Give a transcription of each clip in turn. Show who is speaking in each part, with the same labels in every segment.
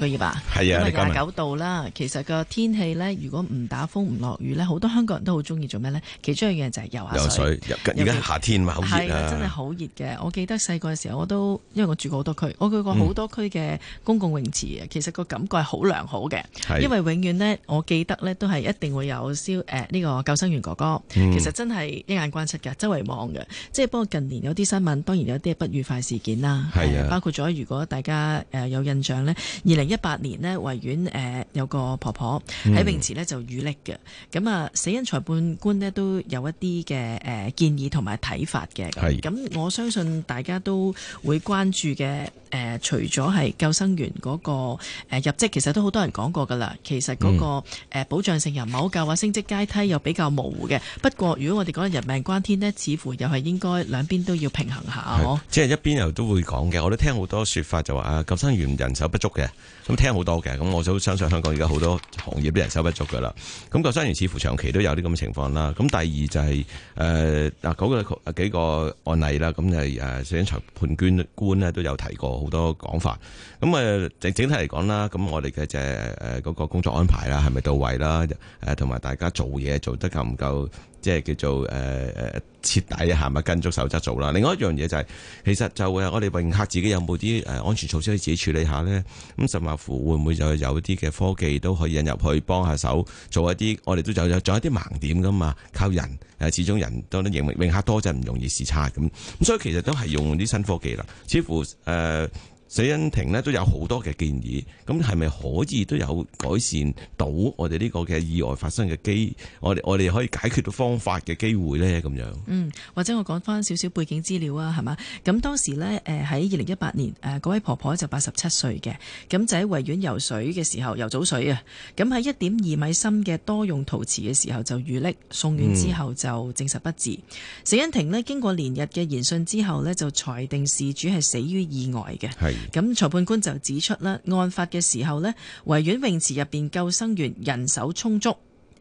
Speaker 1: 可以吧？係啊，廿九度啦。其實個天氣咧，如果唔打風唔落雨咧，好多香港人都好中意做咩咧？其中一樣就係遊下水。而家夏
Speaker 2: 天嘛，好熱啊！係啊，真係
Speaker 1: 好熱嘅。我記得細個嘅時候，我都因為我住過好多區，我去過好多區嘅公共泳池嘅。嗯、其實個感覺係好良好嘅，的因為永遠呢，我記得咧都係一定會有消呢、呃呢個救生員哥哥。嗯、其實真係一眼關七嘅，周圍望嘅。即係不過近年有啲新聞，當然有啲不愉快事件啦。是的包括咗如果大家誒有印象咧，二零一八年呢，維園誒有個婆婆喺泳池呢就遇溺嘅。咁啊、嗯，死因裁判官呢都有一啲嘅誒建議同埋睇法嘅。係是。咁我相信大家都會關注嘅誒，除咗係救生員嗰個入職，其實都好多人講過㗎喇。其實嗰個保障性又唔好夠啊，升職階梯又比較模糊嘅。不過如果我哋講人命關天呢，似乎又係應該兩邊都要平衡一下哦。
Speaker 2: 即係、就是、一邊又都會講嘅，我都聽好多説法就話啊，救生員人手不足嘅。咁聽好多嘅，咁我都相信香港而家好多行業啲人手不足嘅啦。咁救生員似乎長期都有啲咁嘅情況啦。咁第二就係誒嗱嗰個幾個案例啦，咁就係誒死因裁判官咧都有提過好多講法。咁、嗯、誒整整體嚟講啦，咁我哋嘅誒誒嗰個工作安排啦，係咪到位啦？誒同埋大家做嘢做得夠唔夠？即係叫做誒誒、呃、徹底行咪跟足守則做啦。另外一樣嘢就係、是，其實就係我哋泳客自己有冇啲誒安全措施，可以自己處理下咧。咁甚或乎會唔會就有啲嘅科技都可以引入去幫下手，做一啲我哋都有有做一啲盲點㗎嘛，靠人誒，始終人當啲泳客多就唔容易視察咁。咁所以其實都係用啲新科技啦，似乎誒。呃死恩婷呢都有好多嘅建議，咁係咪可以都有改善到我哋呢個嘅意外發生嘅機，我哋我哋可以解決到方法嘅機會呢？咁樣，
Speaker 1: 嗯，或者我講翻少少背景資料啊，係嘛？咁當時呢，喺二零一八年，誒嗰位婆婆就八十七歲嘅，咁就喺圍院游水嘅時候游早水啊，咁喺一點二米深嘅多用陶瓷嘅時候就淤溺，送院之後就證實不治。嗯、死恩婷呢經過連日嘅言訊之後呢就裁定事主係死於意外嘅。咁裁判官就指出啦，案發嘅時候咧，維園泳池入邊救生員人手充足，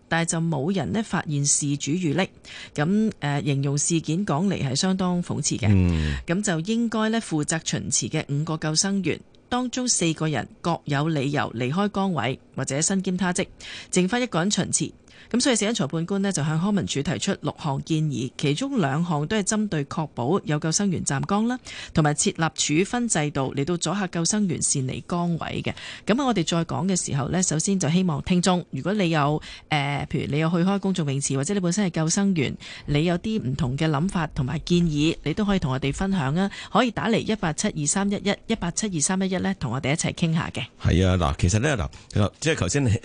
Speaker 1: 但係就冇人咧發現事主遇溺，咁誒、呃、形容事件講嚟係相當諷刺嘅。咁、嗯、就應該咧負責巡池嘅五個救生員當中四個人各有理由離開崗位或者身兼他職，剩翻一個人巡池。咁所以死因裁判官呢就向康文署提出六項建議，其中兩項都係針對確保有救生員站崗啦，同埋設立處分制度嚟到阻嚇救生員擅離崗位嘅。咁啊，我哋再講嘅時候呢，首先就希望聽眾，如果你有誒、呃，譬如你有去開公眾泳池，或者你本身係救生員，你有啲唔同嘅諗法同埋建議，你都可以同我哋分享啊，可以打嚟一八七二三一一一八七二三一一呢，同我哋一齊傾下嘅。
Speaker 2: 係啊，嗱，其實呢，嗱，即係頭先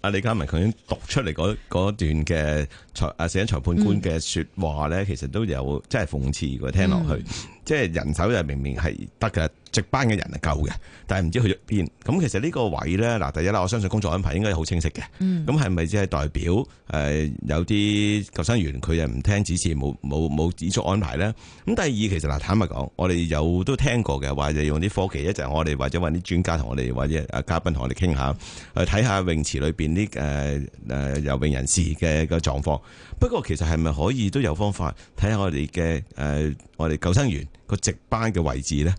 Speaker 2: 阿李家文頭先讀出嚟嗰，嗰段嘅裁啊，死因裁判官嘅說話咧，其實都有即係諷刺過聽落去，即係人手又明明係得嘅。值班嘅人係夠嘅，但係唔知去咗邊。咁其實呢個位呢，嗱，第一啦，我相信工作安排應該係好清晰嘅。咁係咪只係代表誒有啲救生員佢又唔聽指示，冇冇冇指出安排呢？咁第二，其實嗱，坦白講，我哋有都聽過嘅，話就用啲科技一就係、是、我哋或者揾啲專家同我哋或者誒嘉賓同我哋傾下，去睇下泳池裏邊啲誒誒游泳人士嘅個狀況。不過其實係咪可以都有方法睇下我哋嘅誒我哋救生員個值班嘅位置呢？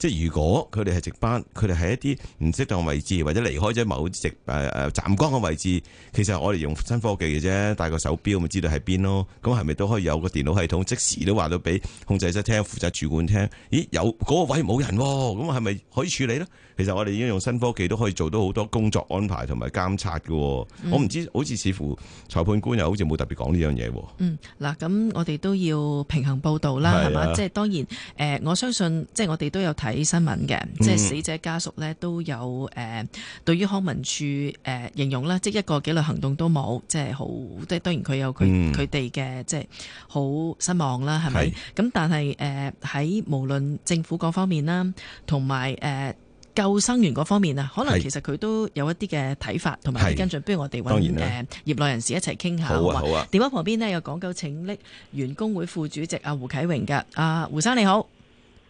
Speaker 2: 即係如果佢哋係值班，佢哋係一啲唔適當位置，或者離開咗某直誒誒站崗嘅位置，其實我哋用，用新科技嘅啫，戴個手錶咪知道喺邊咯。咁係咪都可以有個電腦系統即時都話到俾控制室聽，負責主管聽？咦，有嗰、嗰個位冇人喎，咁係咪可以處理咧？其實我哋已經用新科技都可以做到好多工作安排同埋監察嘅。嗯、我唔知，好似似乎裁判官又好似冇特別講呢樣嘢。嗯，
Speaker 1: 嗱，咁我哋都要平衡報道啦，係嘛、啊？即係當然，誒、呃、我相信即係我哋都有睇。睇新聞嘅，即係死者家屬咧都有誒、呃，對於康文署誒、呃、形容咧，即係一個紀律行動都冇，即係好，即係當然佢有佢佢哋嘅，即係好失望啦，係咪？咁是但係誒喺無論政府嗰方面啦，同埋誒救生員嗰方面啊，可能其實佢都有一啲嘅睇法，同埋你跟進。是不如我哋揾誒業內人士一齊傾下。好啊，電話旁邊呢，有港九拯溺員工會副主席阿、啊、胡啟榮嘅，阿、啊、胡生你好。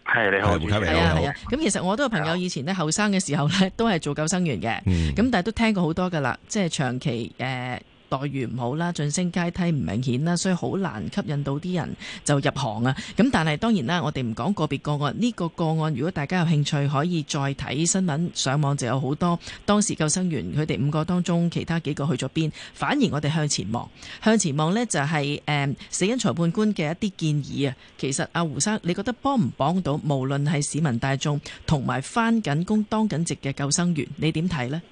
Speaker 3: 係你好，胡啟榮啊。係啊，
Speaker 1: 咁其實我都有朋友以前咧後生嘅時候咧都係做救生員嘅，咁、嗯、但係都聽過好多噶啦，即係長期誒。呃待遇唔好啦，晉升階梯唔明顯啦，所以好難吸引到啲人就入行啊。咁但係當然啦，我哋唔講個別個案，呢個個案如果大家有興趣可以再睇新聞，上網就有好多當時救生員佢哋五個當中其他幾個去咗邊。反而我哋向前望，向前望呢就係誒死因裁判官嘅一啲建議啊。其實阿胡生，你覺得幫唔幫到？無論係市民大眾同埋返緊工當緊值嘅救生員，你點睇呢？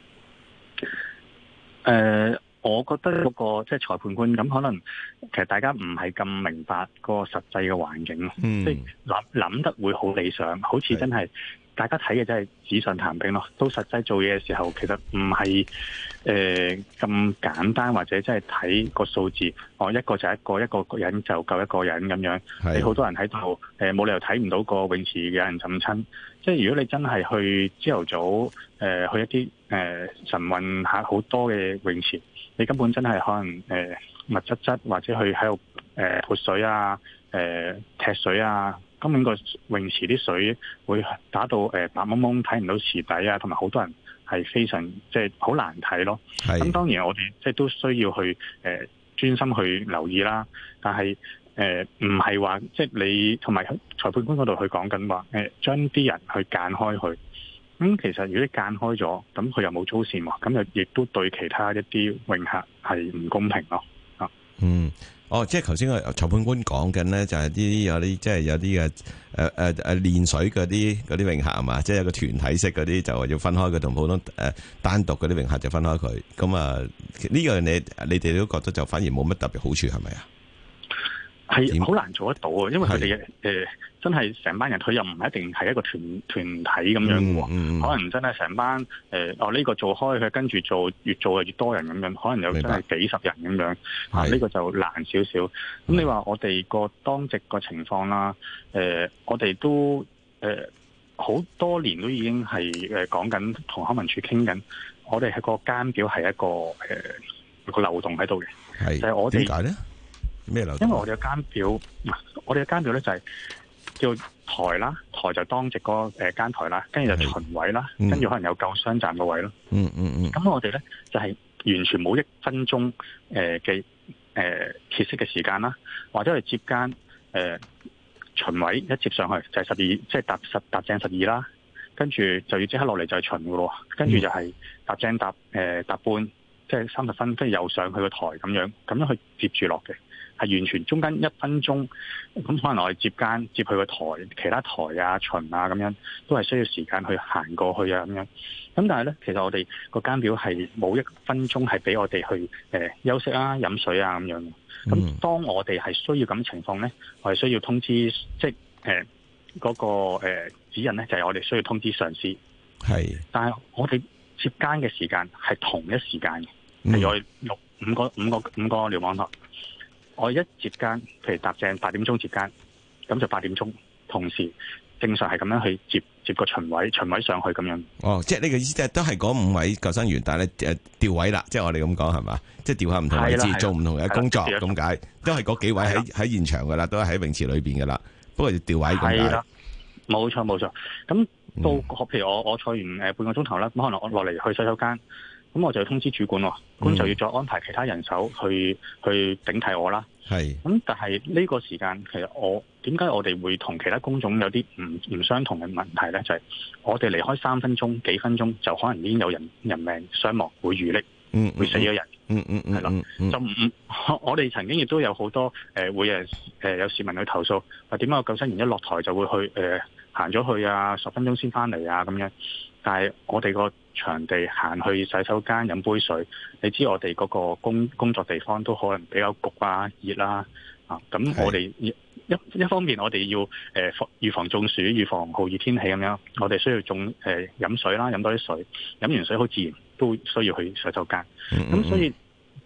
Speaker 1: 誒、
Speaker 3: uh。我覺得嗰、那個即係、就是、裁判官咁，可能其實大家唔係咁明白嗰個實際嘅環境咯，即係諗諗得會好理想，好似真係是大家睇嘅真係紙上談兵咯。都實際做嘢嘅時候，其實唔係誒咁簡單，或者真係睇個數字，我、哦、一個就一個，一個人就夠一個人咁樣。你好是多人喺度誒，冇、呃、理由睇唔到個泳池有人浸親。即係如果你真係去朝頭早誒、呃、去一啲誒晨運下好多嘅泳池。你根本真係可能誒、呃、密質質或者去喺度誒潑水啊、誒、呃、踢水啊，根本個泳池啲水會打到誒白蒙蒙，睇唔到池底啊，同埋好多人係非常即係好難睇咯。咁是當然我哋即係都需要去誒、呃、專心去留意啦，但係誒唔係話即係你同埋裁判官嗰度去講緊話誒，將啲人去揀開去。咁其實如果間開咗，咁佢又冇粗線喎，咁又亦都對其他一啲泳客係唔公平咯。
Speaker 2: 嗯，哦，即係頭先裁判官講緊咧，就係、是、啲有啲即係有啲嘅誒誒誒練水嗰啲嗰啲泳客係嘛，即係有個團體式嗰啲就話要分開佢同普通誒單獨嗰啲泳客就分開佢。咁啊，呢、這、樣、個、你你哋都覺得就反而冇乜特別好處，係咪啊？係好
Speaker 3: 難做得到啊，因為佢哋誒真係成班人佢又唔一定係一個團團體咁樣，嗯嗯、可能真係成班誒哦呢個做開佢跟住做，越做越多人咁樣，可能有真係幾十人咁樣，啊呢個就難少少。咁、嗯是嗯、你話我哋個當值個情況啦，誒、呃、我哋都誒好、呃、多年都已經係誒講緊同康文處傾緊，我哋係個監表係一個誒、呃、個漏洞喺度嘅，是就係我哋點解咧？為什麼呢因為我哋嘅更表，嗯、我哋嘅更表咧就係、是、叫台啦，台就當值嗰個誒更台啦，跟住就巡位啦，跟住、嗯、可能有夠商站嘅位咯、嗯。嗯嗯嗯。咁我哋咧就係、是、完全冇一分鐘誒嘅誒歇息嘅時間啦，或者係接更誒、呃、巡位一接上去就係十二，即係踏十踏正十二啦，跟住就要即刻落嚟就係巡噶咯，跟住就係踏正踏誒踏半，即係三十分，跟住又上去個台咁樣，咁樣去接住落嘅。係完全中間一分鐘，咁可能我哋接間接去個台，其他台啊、巡啊咁樣，都係需要時間去行過去啊咁樣。咁但係咧，其實我哋個間表係冇一分鐘係俾我哋去誒、呃、休息啊、飲水啊咁樣。咁當我哋係需要咁情況咧，我係需要通知，即係嗰、呃那個、呃、指引咧，就係、是、我哋需要通知上司。
Speaker 2: 係的，
Speaker 3: 但係我哋接間嘅時間係同一時間嘅，係、嗯、我六五個五個五個瞭望台。我一接班，譬如搭正八點鐘接班，咁就八點鐘同時，正常係咁樣去接接個巡位，巡位上去咁樣。
Speaker 2: 哦，即係呢個意思，即係都係嗰五位救生員，但係咧調位啦，即係我哋咁講係嘛，即係調下唔同位置的做唔同嘅工作咁解，都係嗰幾位喺喺的現場噶啦，都喺泳池裏面噶啦，不過調位咁的解。
Speaker 3: 冇錯冇錯，咁到、嗯、譬如我我坐完半個鐘頭啦，咁可能我落嚟去洗手間。咁我就要通知主管喎，咁、嗯、就要再安排其他人手去去頂替我啦。係是，咁但係呢個時間其實我點解我哋會同其他工種有啲唔唔相同嘅問題呢？就係、是、我哋離開三分鐘、幾分鐘就可能已經有人人命傷亡，會遇溺，會死咗人，
Speaker 2: 嗯嗯嗯，嗯嗯嗯
Speaker 3: 就唔我哋曾經亦都有好多誒、呃、會誒、呃、有市民去投訴，話點解救生員一落台就會去誒行咗去啊，十分鐘先返嚟啊咁樣，但係我哋個場地行去洗手間飲杯水，你知我哋嗰個工工作地方都可能比較焗啊、熱啦啊、咁、啊、我哋一一方面我哋要誒防預防中暑、預防酷熱天氣咁樣，我哋需要種誒飲、呃、水啦，飲多啲水，飲完水好自然都需要去洗手間，咁、mm. 所以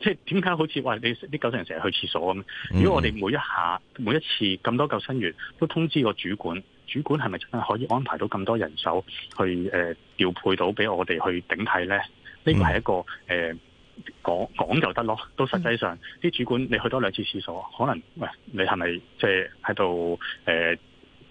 Speaker 3: 即係點解好似話你啲救生員成日去廁所咁？如果我哋每一下、每一次咁多救生員都通知個主管？主管係咪真係可以安排到咁多人手去誒、呃、調配到俾我哋去頂替呢？呢個係一個誒講講就得咯，都實際上啲、嗯、主管你去多兩次廁所，可能喂、呃、你係咪即係喺度誒？呃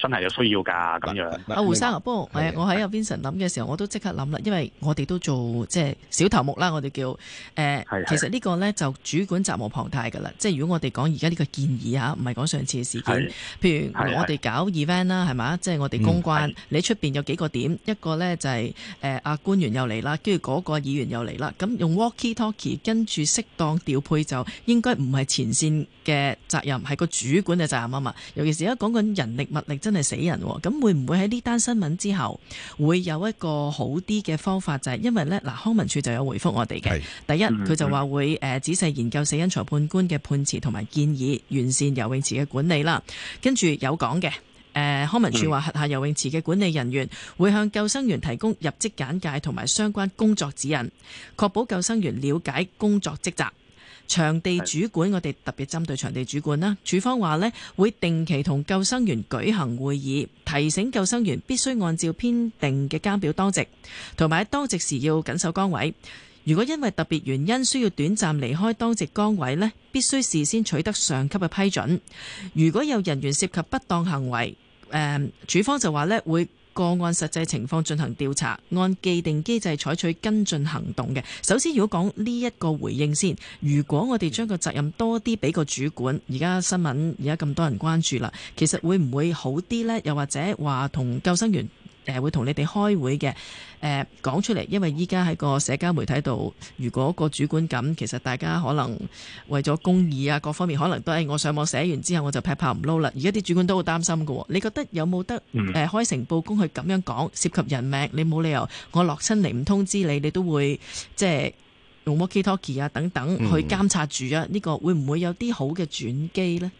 Speaker 3: 真係有需要㗎咁
Speaker 1: 樣。阿胡生，不過係我喺阿 Vincent 諗嘅時候，我都即刻諗啦，因為我哋都做即係、就是、小頭目啦，我哋叫、呃、是是其實個呢個咧就主管責無旁貸㗎啦。即係如果我哋講而家呢個建議吓，唔係講上次嘅事件。是是譬如我哋搞 event 啦，係咪是是？即係我哋公關，是是你出面有幾個點？一個咧就係、是、阿、呃、官員又嚟啦，跟住嗰個議員又嚟啦。咁用 walkie talkie 跟住適當調配，就應該唔係前線嘅責任係個主管嘅責任啊嘛，尤其是而家講緊人力物力真係死人、啊，咁會唔會喺呢單新聞之後會有一個好啲嘅方法？就係、是、因為呢，嗱，康文署就有回覆我哋嘅，是第一佢就話會誒、呃、仔細研究死因裁判官嘅判詞同埋建議，完善游泳池嘅管理啦。跟住有講嘅，誒、呃、康文署話轄下游泳池嘅管理人員會向救生員提供入職簡介同埋相關工作指引，確保救生員了解工作職責。場地主管，我哋特別針對場地主管啦。署方話呢，會定期同救生員舉行會議，提醒救生員必須按照編定嘅監表當值，同埋當值時要緊守崗位。如果因為特別原因需要短暫離開當值崗位呢，必須事先取得上級嘅批准。如果有人員涉及不當行為，誒署方就話呢會。個案實際情況進行調查，按既定機制採取跟進行動嘅。首先，如果講呢一個回應先，如果我哋將個責任多啲俾個主管，而家新聞而家咁多人關注啦，其實會唔會好啲呢？又或者話同救生員？誒會同你哋開會嘅誒講出嚟，因為依家喺個社交媒體度，如果個主管咁，其實大家可能為咗公義啊各方面，可能都係、哎、我上網寫完之後我就劈炮唔撈啦。而家啲主管都好擔心喎。你覺得有冇得誒、嗯呃、開誠佈公去咁樣講？涉及人命，你冇理由我落親嚟唔通知你，你都會即係用 walkie talkie 啊等等去監察住啊？呢、嗯、個會唔會有啲好嘅轉機呢？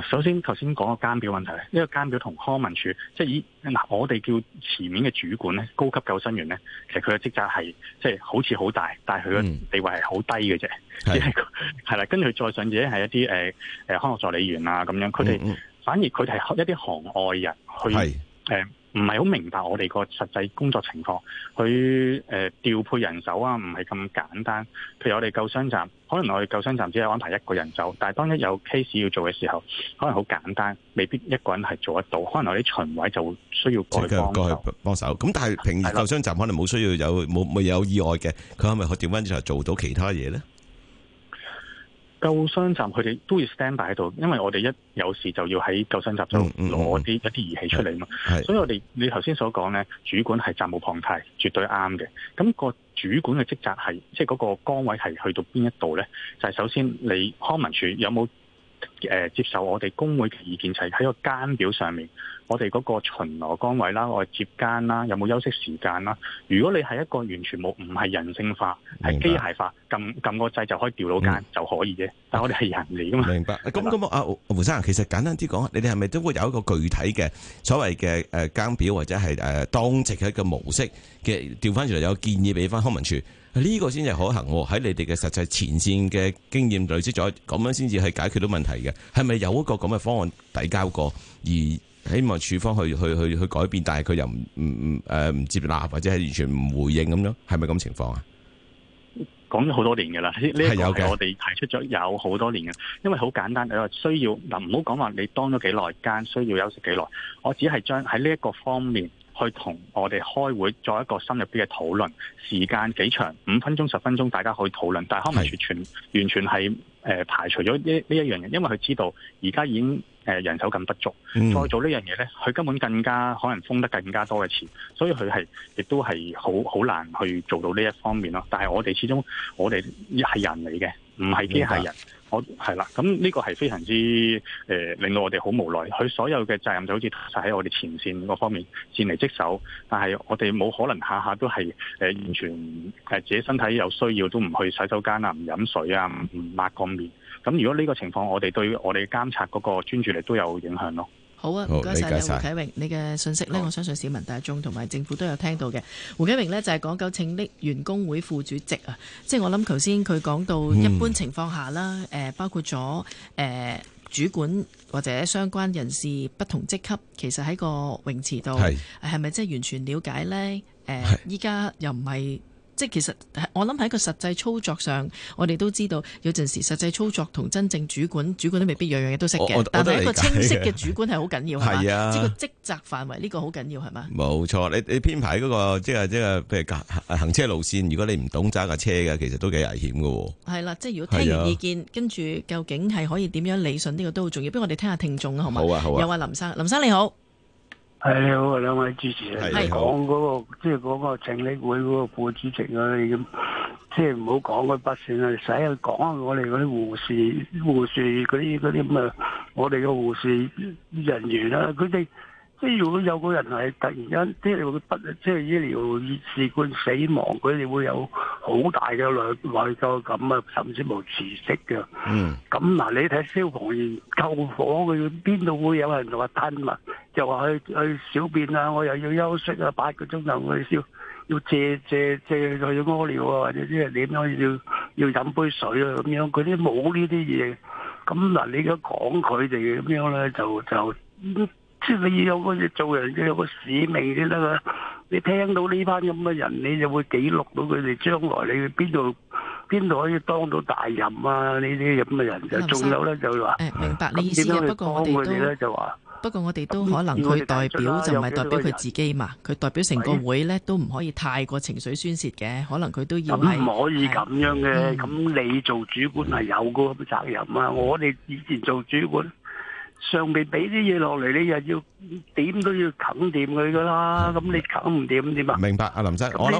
Speaker 3: 首先，頭先講個監表問題
Speaker 1: 咧，呢個監表同康文
Speaker 3: 署，即係嗱，我哋叫前面嘅主管咧，高級救生員咧，其實佢嘅職責係即係好似好大，但係佢嘅地位係好低嘅啫，係係啦。跟住佢再上者係一啲誒、呃呃、康樂助理員啊咁樣，佢哋、嗯、反而佢哋係一啲行外人去誒唔係好明白我哋個實際工作情況，佢誒、呃、調配人手啊，唔係咁簡單。譬如我哋救傷站，可能我哋救傷站只係安排一個人手，但係當一有 case 要做嘅時候，可能好簡單，未必一個人係做得到。可能有啲
Speaker 2: 巡位就需要過去幫手。幫手。咁但係平日的救傷站可能冇需要有冇冇有，有，有意外嘅，佢係咪可調翻之後做到其他嘢咧？
Speaker 3: 救傷站佢哋都要 stand by 喺度，因為我哋一有事就要喺救生站度攞啲一啲儀器出嚟嘛。嗯嗯嗯、所以我哋你頭先所講呢，主管係責無旁貸，絕對啱嘅。咁、個主管嘅職責係，即係嗰個崗位係去到邊一度呢？就係首先你康文署有冇？誒，接受我哋工會嘅意見，就係喺個間表上面，我哋嗰個巡邏崗位啦，我接間啦，有冇休息時間啦？如果你係一個完全冇，唔係人性化，係機械化，撳撳白個掣就可以調到間就可以嘅。嗯、但係我哋係人嚟噶嘛？明白。咁咁
Speaker 2: 啊，胡生，其實簡單啲講，你哋係咪都會有一個具體嘅所謂嘅誒間表，或者係誒當值嘅一個模式嘅調翻出嚟，來有個建議俾翻康文署呢個先係可行喎，喺你哋嘅實際前線嘅經驗累積咗，咁樣先至係解決到問題嘅。係咪有個咁嘅方案遞交過，而希望處方去去去去改變，但係佢又唔唔唔誒唔接納，或者係完全唔回應咁樣？係咪咁情況啊？
Speaker 3: 講咗好多年㗎喇，呢個係有嘅，我哋提出咗有好多年嘅，因為好簡單，你話需要嗱唔好講話你當咗幾耐間，需要休息幾耐，我只係將喺呢一個方面，去同我哋開會，做一個深入啲嘅討論，時間幾長？五分鐘、十分鐘，大家可以討論。但係可能完全完全係誒是的、呃、排除咗呢呢一樣嘢，因為佢知道而家已經誒人手咁不足，再、嗯、做呢樣嘢咧，佢根本更加可能封得更加多嘅錢，所以佢係亦都係好好難去做到呢一方面咯。但係我哋始終，我哋係人嚟嘅，唔係機械人。我係啦，咁呢個係非常之、呃、令到我哋好無奈，佢所有嘅責任就好似塌喺我哋前線嗰方面，戰嚟執守，但係我哋冇可能下下都係、呃、完全誒、呃、自己身體有需要都唔去洗手間啊，唔飲水啊，唔抹個面。咁如果呢個情況，我哋對我哋監察嗰個專注力都有影響咯。
Speaker 1: 好啊，唔該晒。你，胡啟榮，你嘅信息呢？好我相信市民大眾同埋政府都有聽到嘅。胡啟榮呢，就係、是、港九拯溺員工會副主席啊，即、就、係、是、我諗頭先佢講到一般情況下啦，嗯、包括咗、呃、主管或者相關人士不同職級，其實喺個泳池度係咪即係完全了解呢？誒、呃，依家是又唔係。即係其實，我諗喺個實際操作上，我哋都知道有陣時實際操作同真正主管，主管都未必樣樣嘢都識嘅。但係一個清晰嘅主管係好緊要，係嘛？係啊，即個職責範圍呢個好緊要係嘛？
Speaker 2: 冇錯，你你編排嗰個即係即係譬如行行車路線，如果你唔懂揸架車嘅，其實都幾危險嘅。
Speaker 1: 係啦、啊，即係如果聽完意見，跟住、啊、究竟係可以點樣理順呢個都好重要。不如我哋聽下聽，聽，聽眾啊，好嘛？好啊，好啊。有話、啊、林生，林生你好。係你好
Speaker 4: 啊， 兩位主持啊，講嗰、嗰個即係講個拯溺的會嗰個副主席啊，你咁即係唔好講佢不善啊，使佢講下我哋嗰啲護士、護士嗰啲嗰啲咁啊，是我哋嘅護士人員啦，佢哋。如果有個人係突然間，即係不即係醫療事故死亡，佢哋會有好大嘅內內疚感啊，甚至無自識嘅。嗯。咁嗱，你睇消防員救火，佢邊度會有人話吞啊？又話去去小便啊？我又要休息啊，八個鐘頭我要要借借借又要屙尿啊，或者即係點樣要要飲杯水啊咁樣，嗰啲冇呢啲嘢。咁嗱，你而家講佢哋咁樣咧，就就。即係你要有個做人要有個使命先得啊！你聽到呢班咁嘅人，你就會記錄到佢哋將來你去邊度邊度可以當到大任啊！呢啲咁嘅人就仲有咧就話，誒，明白你意思。不過我哋咧就
Speaker 1: 話，不過我哋都可能佢代表，就唔係代表佢自己嘛。佢代表成個會咧，都唔可以太過情緒宣泄嘅。可能佢都要唔可
Speaker 4: 以咁樣嘅。咁你做主管係有個責任啊！我哋以前做主管。上面俾啲嘢落嚟，你又要點都要啃掂佢噶啦，咁你
Speaker 2: 啃唔掂點啊？明白，阿林生，我我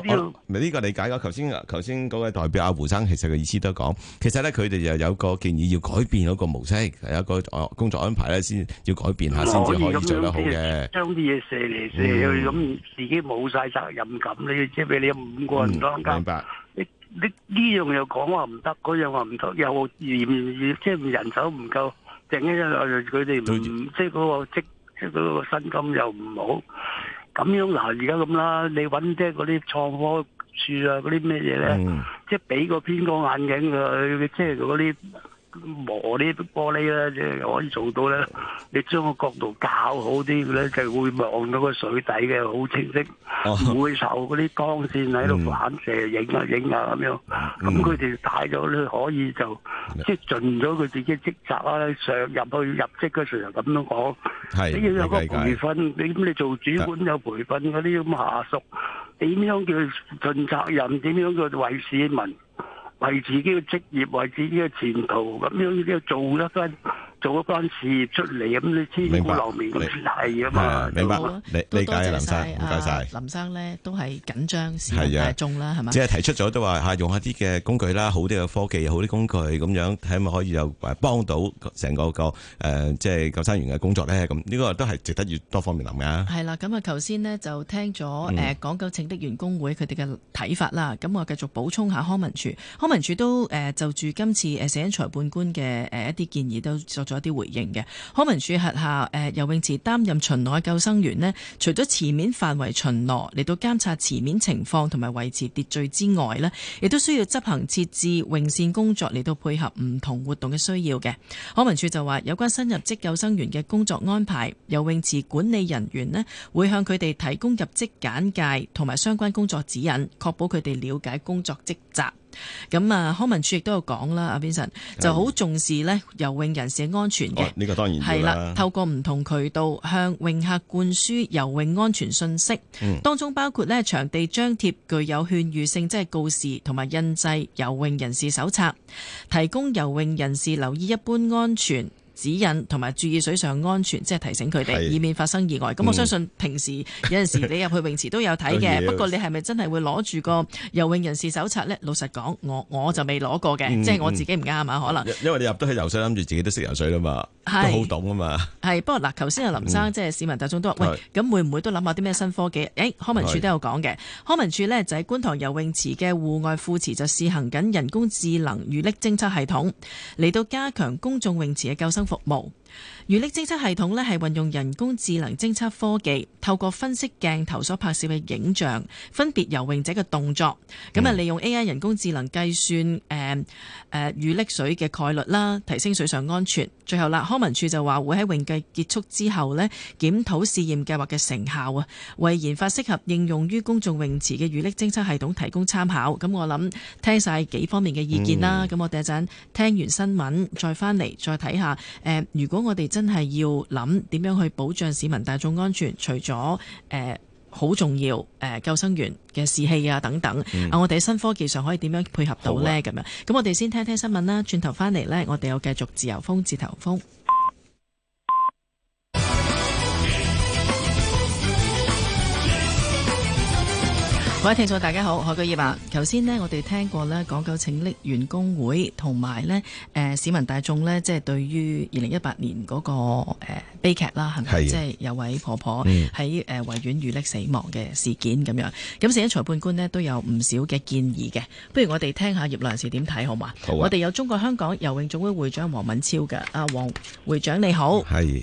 Speaker 2: 呢個理解咯。頭先啊，頭先嗰位代表阿胡生，其實個意思都係講，其實咧佢哋又有個建議要改變嗰個模式，有一個工作安排咧先要改變下，先至可以做得好嘅。
Speaker 4: 將啲嘢射嚟射去，咁自己冇曬責任感。你即係俾你五個人當家，你你呢樣又講話唔得，嗰樣話唔得，又嫌嫌即係人手唔夠。正因佢哋唔即係個職，即係嗰個薪金又唔好，咁樣嗱而家咁啦，你揾即係啲創科處啊嗰啲咩嘢咧，即係俾個偏光眼鏡佢即係嗰啲？磨啲玻璃咧，即係可以做到咧。你將個角度搞好啲咧，就會望到個水底嘅好清晰，唔、oh. 會受嗰啲光線喺度反射影啊影啊咁樣。咁佢哋帶咗咧，可以就即係盡咗佢自己職責啊，上入去入職嘅時候，咁樣講。係你要有個培訓，你咁你做主管有培訓嗰啲咁下屬，點樣叫盡責任？點樣叫為市民？為自己嘅職業，為自己嘅前途，咁樣要做得翻。做一班事業出嚟，咁你千古留
Speaker 2: 名嗰啲嘢啊嘛，明白，理理解啊，林生，唔該晒。
Speaker 1: 林生咧都係緊張時，係啊，中啦，係嘛。即係提
Speaker 2: 出咗都話嚇，用下啲嘅工具啦，好啲嘅科技，好啲工具咁樣，睇下可唔可以又誒幫到成個個誒即係救生員嘅工作咧？咁呢個都係值得要多方面諗噶。
Speaker 1: 係啦，咁啊，頭先咧就聽咗誒港九拯溺員工會佢哋嘅睇法啦。咁我繼續補充下康文署，康文署都誒就住今次誒死因裁判官嘅誒一啲建議都就。有啲回應嘅，康文署轄下誒游泳池擔任巡邏嘅救生員咧，除咗池面範圍巡邏嚟到監察池面情況同埋維持秩序之外咧，亦都需要執行設置泳線工作嚟到配合唔同活動嘅需要嘅。康文署就話有關新入職救生員嘅工作安排，游泳池管理人員咧會向佢哋提供入職簡介同埋相關工作指引，確保佢哋了解工作職責。咁啊，康文署亦都有講啦，阿邊臣就好重視呢游泳人士嘅安全嘅。呢、
Speaker 2: 哦這個當然係啦，透
Speaker 1: 過唔同渠道向泳客灌輸游泳安全信息，嗯、當中包括呢場地張貼具有勸喻性即係告示同埋印製游泳人士手冊，提供游泳人士留意一般安全。指引同埋注意水上安全，即係提醒佢哋，以免發生意外。咁我相信平時有陣時你入去泳池都有睇嘅， 不過你係咪真係會攞住個游泳人士手冊咧？老實講，我我就未攞過嘅，嗯、即係我自己唔啱啊，可能因
Speaker 2: 為你入到去游水，諗住自己都識游水啦是嘛，都好懂啊嘛。
Speaker 1: 係不過嗱，頭先阿林生、嗯、即係市民大眾都話：喂，咁會唔會都諗下啲咩新科技？誒、 哎，康文署都有講嘅，是康文署咧就喺、是、觀塘游泳池嘅戶外副池就試行緊人工智能遇溺偵測系統嚟到加強公眾泳池嘅救生。服務。遇溺偵測系統咧係運用人工智能偵測科技，透過分析鏡頭所拍攝嘅影像，分別游泳者嘅動作，咁啊、嗯、利用 A.I. 人工智能計算誒誒、呃呃、遇溺水嘅概率啦，提升水上安全。最後啦，康文署就話會喺泳季結束之後咧檢討試驗計劃嘅成效啊，為研發適合應用於公眾泳池嘅遇溺偵測系統提供參考。咁我諗聽晒幾方面嘅意見啦，咁、嗯、我哋一陣聽完新聞再返嚟再睇下誒，如果。我哋真係要諗點樣去保障市民大眾安全，除咗誒好重要誒、呃、救生員嘅士氣啊等等、嗯、啊，我哋喺新科技上可以點樣配合到呢？咁樣、啊，咁我哋先聽聽新聞啦。轉頭翻嚟呢，我哋又繼續自由風自由風。各位聽眾大家好，海國葉啊，頭先呢，我哋聽過呢港九拯溺員工會，同埋呢誒、呃、市民大眾呢，即係對於二零一八年嗰、那個誒、呃、悲劇啦，係咪？即係的有位婆婆喺誒維園遇溺死亡嘅事件咁樣，咁死因裁判官呢都有唔少嘅建議嘅，不如我哋聽下葉良師點睇好嘛？好啊！我哋有中國香港游泳總會會長王敏超嘅，阿、啊、王會長你好，係。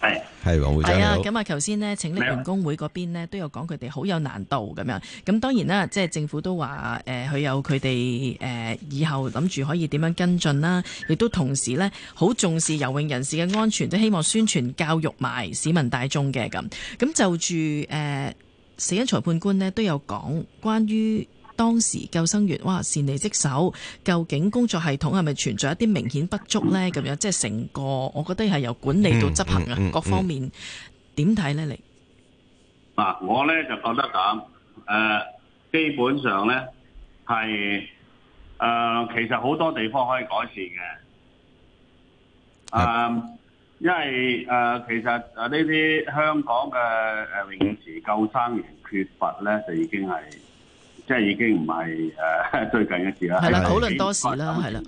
Speaker 2: 係，係啊，咁啊，
Speaker 1: 頭先呢，拯溺員工會嗰邊呢，都有講佢哋好有難度咁樣。咁當然啦，即係政府都話誒，佢、呃、有佢哋誒，以後諗住可以點樣跟進啦，亦都同時呢，好重視游泳人士嘅安全，都希望宣傳教育埋市民大眾嘅咁。咁就住誒，死、呃、因裁判官呢，都有講關於。當時救生員哇擅離職守，究竟工作系統係咪存在一啲明顯不足呢？咁樣即係成個，我覺得係由管理到執行啊，嗯嗯嗯、各方面點睇呢？你
Speaker 5: 嗱，我呢就覺得咁、呃、基本上呢係誒、呃，其實好多地方可以改善嘅。嗯、呃，因為誒、呃、其實呢啲香港嘅泳池救生員缺乏呢，就已經係。即係已經唔係誒最近一次啦，係啦的，討論的多
Speaker 1: 時啦，係啦。
Speaker 5: 的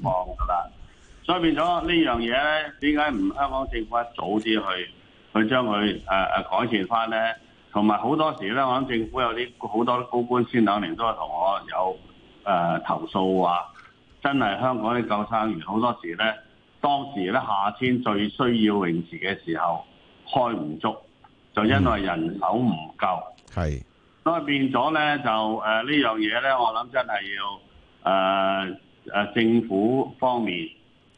Speaker 5: 所以變咗呢樣嘢咧，點解唔香港政府一早啲去去將佢誒誒改善翻咧？同埋好多時咧，我諗政府有啲好多高官先兩年都係同我有誒、呃、投訴話，真係香港啲救生員好多時咧，當時咧夏天最需要泳池嘅時候開唔足，就因為人手唔夠。係、嗯。所以變咗咧，就誒、呃、呢樣嘢咧，我諗真係要誒、呃、政府方面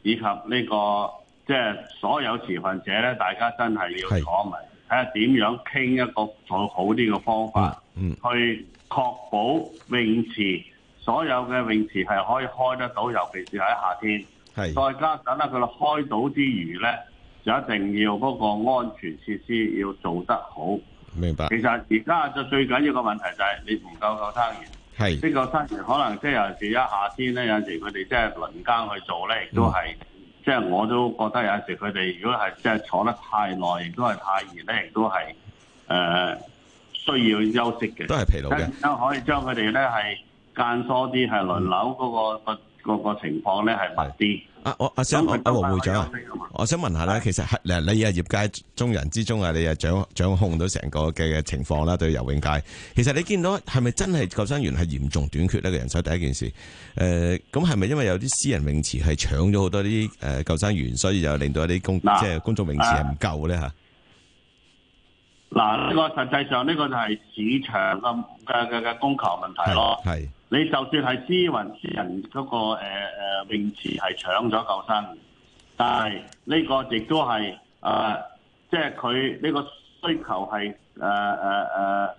Speaker 5: 以及呢、呢個即係、就是、所有持份者咧，大家真係要坐埋睇下點樣傾一個再好啲嘅方法，嗯，嗯去確保泳池所有嘅泳池係可以開得到，尤其是喺夏天，係是再加等下佢哋開到之餘咧，就一定要嗰個安全設施要做得好。明白。其實而家就最緊要個問題就係你唔夠救生員，係啲救生員可能即係有時一夏天咧，有時佢哋即係輪更去做咧，都係即係我都覺得有時佢哋如果係即係坐得太耐，亦都係太熱咧，亦都係誒需要休息嘅，都係疲勞嘅。可以將佢哋咧係間疏啲，係輪流嗰、那個。嗯，那個
Speaker 2: 個個情況咧係密啲。阿阿阿阿，王會長，我想問下咧，其實係誒，你又業界中人之中啊，你又掌掌控到成個嘅情況啦，對游泳界。其實你見到係咪真係救生員係嚴重短缺咧？個人手第一件事。誒，咁係咪因為有啲私人泳池係搶咗好多啲誒救生員，所以就令到啲公即係公眾泳池係唔夠咧吓？嗱，呢個實際上呢
Speaker 5: 個就係市場個嘅嘅嘅供求問題咯。係。你就算係私人嗰個誒泳池係搶咗救生，但係呢個亦都係啊，即係佢呢個需求係誒誒誒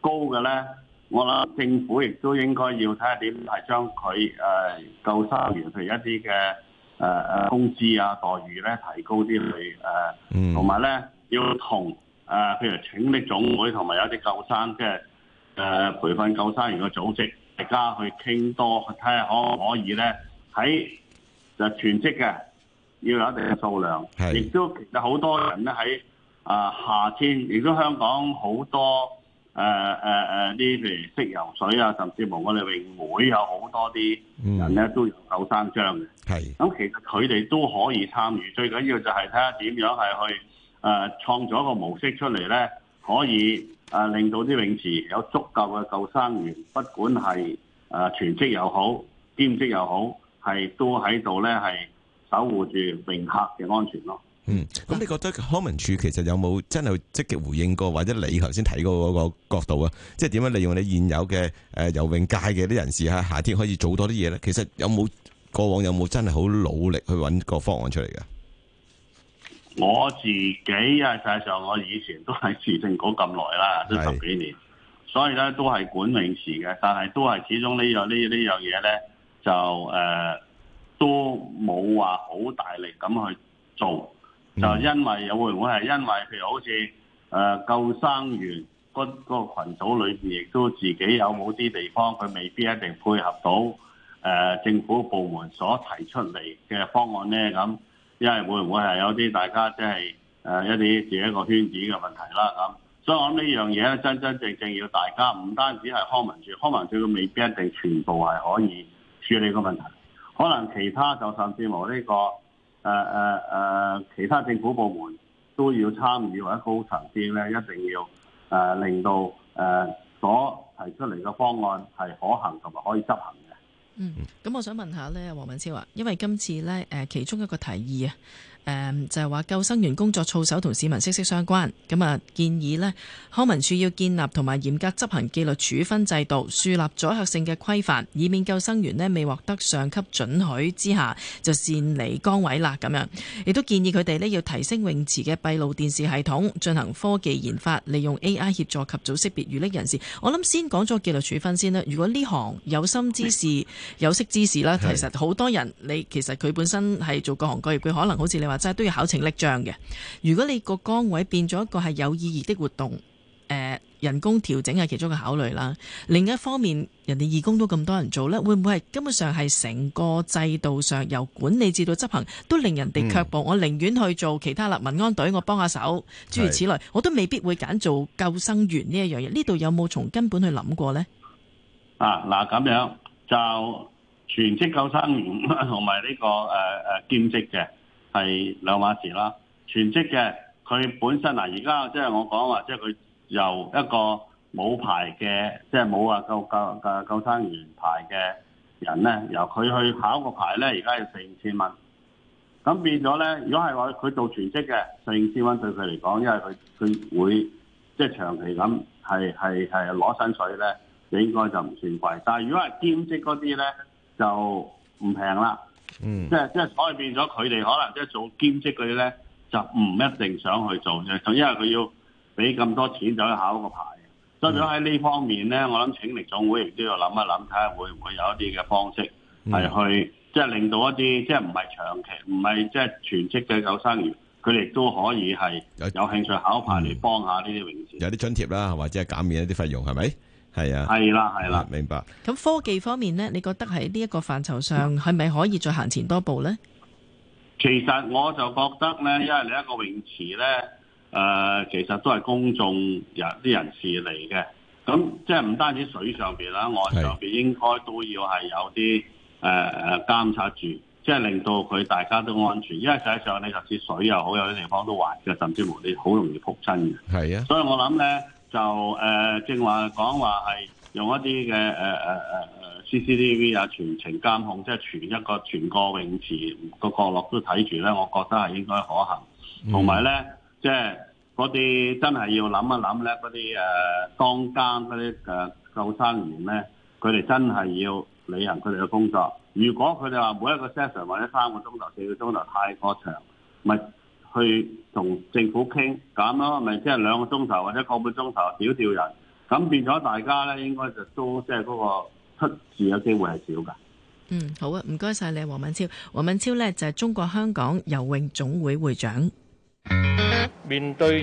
Speaker 5: 高嘅咧。我諗政府亦都應該要睇下點係將佢誒、呃、救生員譬如一啲嘅誒誒工資啊待遇咧提高啲類誒，同埋咧要同誒、呃、譬如請啲總會同埋有啲救生即係誒、呃、培訓救生員嘅組織。大家去傾多，睇下可唔可以咧？喺就全職嘅，要有一定嘅數量。係是。亦都其實好多人咧喺啊夏天，亦都香港好多誒誒誒啲譬如識游水啊，甚至乎我哋泳會有好多啲人咧、嗯、都有三張嘅。係是。咁其實佢哋都可以參與，最緊要就係睇下點樣係去誒、呃、創造一個模式出嚟咧。可以誒令到啲泳池有足夠嘅救生員，不管係誒全職又好兼職又好，係都喺度咧係守護住泳客嘅安全咯。嗯，
Speaker 2: 咁你覺得康文署其實有冇真係積極回應過，或者你頭先睇過嗰個角度啊？即係點樣利用你現有嘅誒游泳界嘅啲人士喺夏天可以做多啲嘢咧？其實有冇過往有冇真係好努力去揾個方案出嚟嘅？
Speaker 5: 我自己啊，實際上我以前都喺市政局咁耐啦，都是十幾年，所以咧都係管泳池嘅，但係都係始終呢樣呢呢樣嘢咧，就誒、呃、都冇話好大力咁去做，就因為有會唔會係因為譬如好似誒、呃、救生員、嗰個群組裏邊亦都自己有冇啲地方佢未必一定配合到誒、呃、政府部門所提出嚟嘅方案咧咁。因為會唔會係有啲大家即係誒一啲自己一個圈子嘅問題啦咁，所以我諗呢樣嘢咧，真真正正要大家唔單止係康文署，康文署佢未必一定全部係可以處理個問題，可能其他就甚至乎呢、這個誒誒誒其他政府部門都要參與或者高層啲咧，一定要誒、呃、令到誒、呃、所提出嚟嘅方案係可行同埋可以執
Speaker 1: 行。嗯，咁我想問下咧，王敏超，因為今次咧，誒，其中一個提議啊。誒、嗯、就係話救生員工作操守同市民息息相關，咁啊建議咧康文署要建立同埋嚴格執行紀律處分制度，樹立阻嚇性嘅規範，以免救生員呢未獲得上級准許之下就擅離崗位啦咁樣。亦都建議佢哋呢要提升泳池嘅閉路電視系統，進行科技研發，利用 AI 協助及早識別遇溺人士。我諗先講咗紀律處分先啦。如果呢行有心之士、嗯、有識之士啦、嗯，其實好多人，你其實佢本身係做各行各業，佢可能好似你話即係都要考情力賬嘅。如果你個崗位變咗一個係有意義的活動，誒、呃，人工調整係其中嘅考慮啦。另一方面，人哋義工都咁多人做咧，會唔會係根本上係成個制度上由管理至到執行都令人哋卻步？嗯、我寧願去做其他啦，民安隊我幫下手，諸如此類，我都未必會揀做救生員呢一樣嘢。呢度有冇從根本去諗過呢？
Speaker 5: 啊，嗱，咁樣就全職救生員同埋呢個誒誒兼職嘅。呃係兩碼事啦，全職嘅佢本身嗱，而家即係我講話，即係佢由一個冇牌嘅，即係冇話救救嘅救生員牌嘅人咧，由佢去考個牌咧，而家要四五千蚊。咁變咗咧，如果係話佢做全職嘅，四五千蚊對佢嚟講，因為佢佢會即係、就是、長期咁係係係攞薪水咧，你應該就唔算貴。但係如果係兼職嗰啲咧，就唔平啦。嗯，即係即係，所以變咗佢哋可能即係做兼職嗰啲咧，就唔一定想去做啫。因為佢要俾咁多錢就去考個牌。所以喺呢方面咧，我諗拯溺總會亦都要諗一諗，睇下會唔會有一啲嘅方式係去，即係、嗯、令到一啲即係唔係長期、唔係即係全職嘅救生員，佢哋都可以係有有興趣考牌嚟幫下呢啲泳池，
Speaker 2: 有啲津貼啦，或者係減免一啲費用，係咪？係啊，係啦、啊，係啦、啊，明白。
Speaker 1: 咁科技方面咧，你覺得喺呢一個範疇上，係咪可以再行前多步咧？
Speaker 2: 其實我
Speaker 5: 就覺得咧，因為你一個泳池咧，誒、呃，其實都係公眾人啲人士嚟嘅。咁即係唔單止水上邊啦，岸上邊應該都要係有啲誒誒監察住，即係令到佢大家都安全。因為實際上你就係水又好，有啲地方都滑嘅，甚至乎你好容易撲親嘅。係啊，所以我諗咧。就誒、呃，正話講話係用一啲嘅誒誒 CCTV 啊，呃呃、CCTV，全程監控，即、就、係、是、全一個全個泳池個角落都睇住咧，我覺得係應該可行。同埋咧，嗯、即係嗰啲真係要諗一諗咧，嗰啲誒當間嗰啲誒救生員咧，佢哋真係要履行佢哋嘅工作。如果佢哋話每一個 session 或者三個鐘頭、四個鐘頭太過長，去同政府傾咁咯，咪即係兩個鐘頭或者個半鐘頭少少人，咁變咗大家咧應該就都即係嗰個出事嘅機
Speaker 4: 會係少㗎。嗯，
Speaker 1: 好啊，唔該晒你，王敏超，王敏超咧就係、是、中國香港游泳總會會長。
Speaker 4: 面對。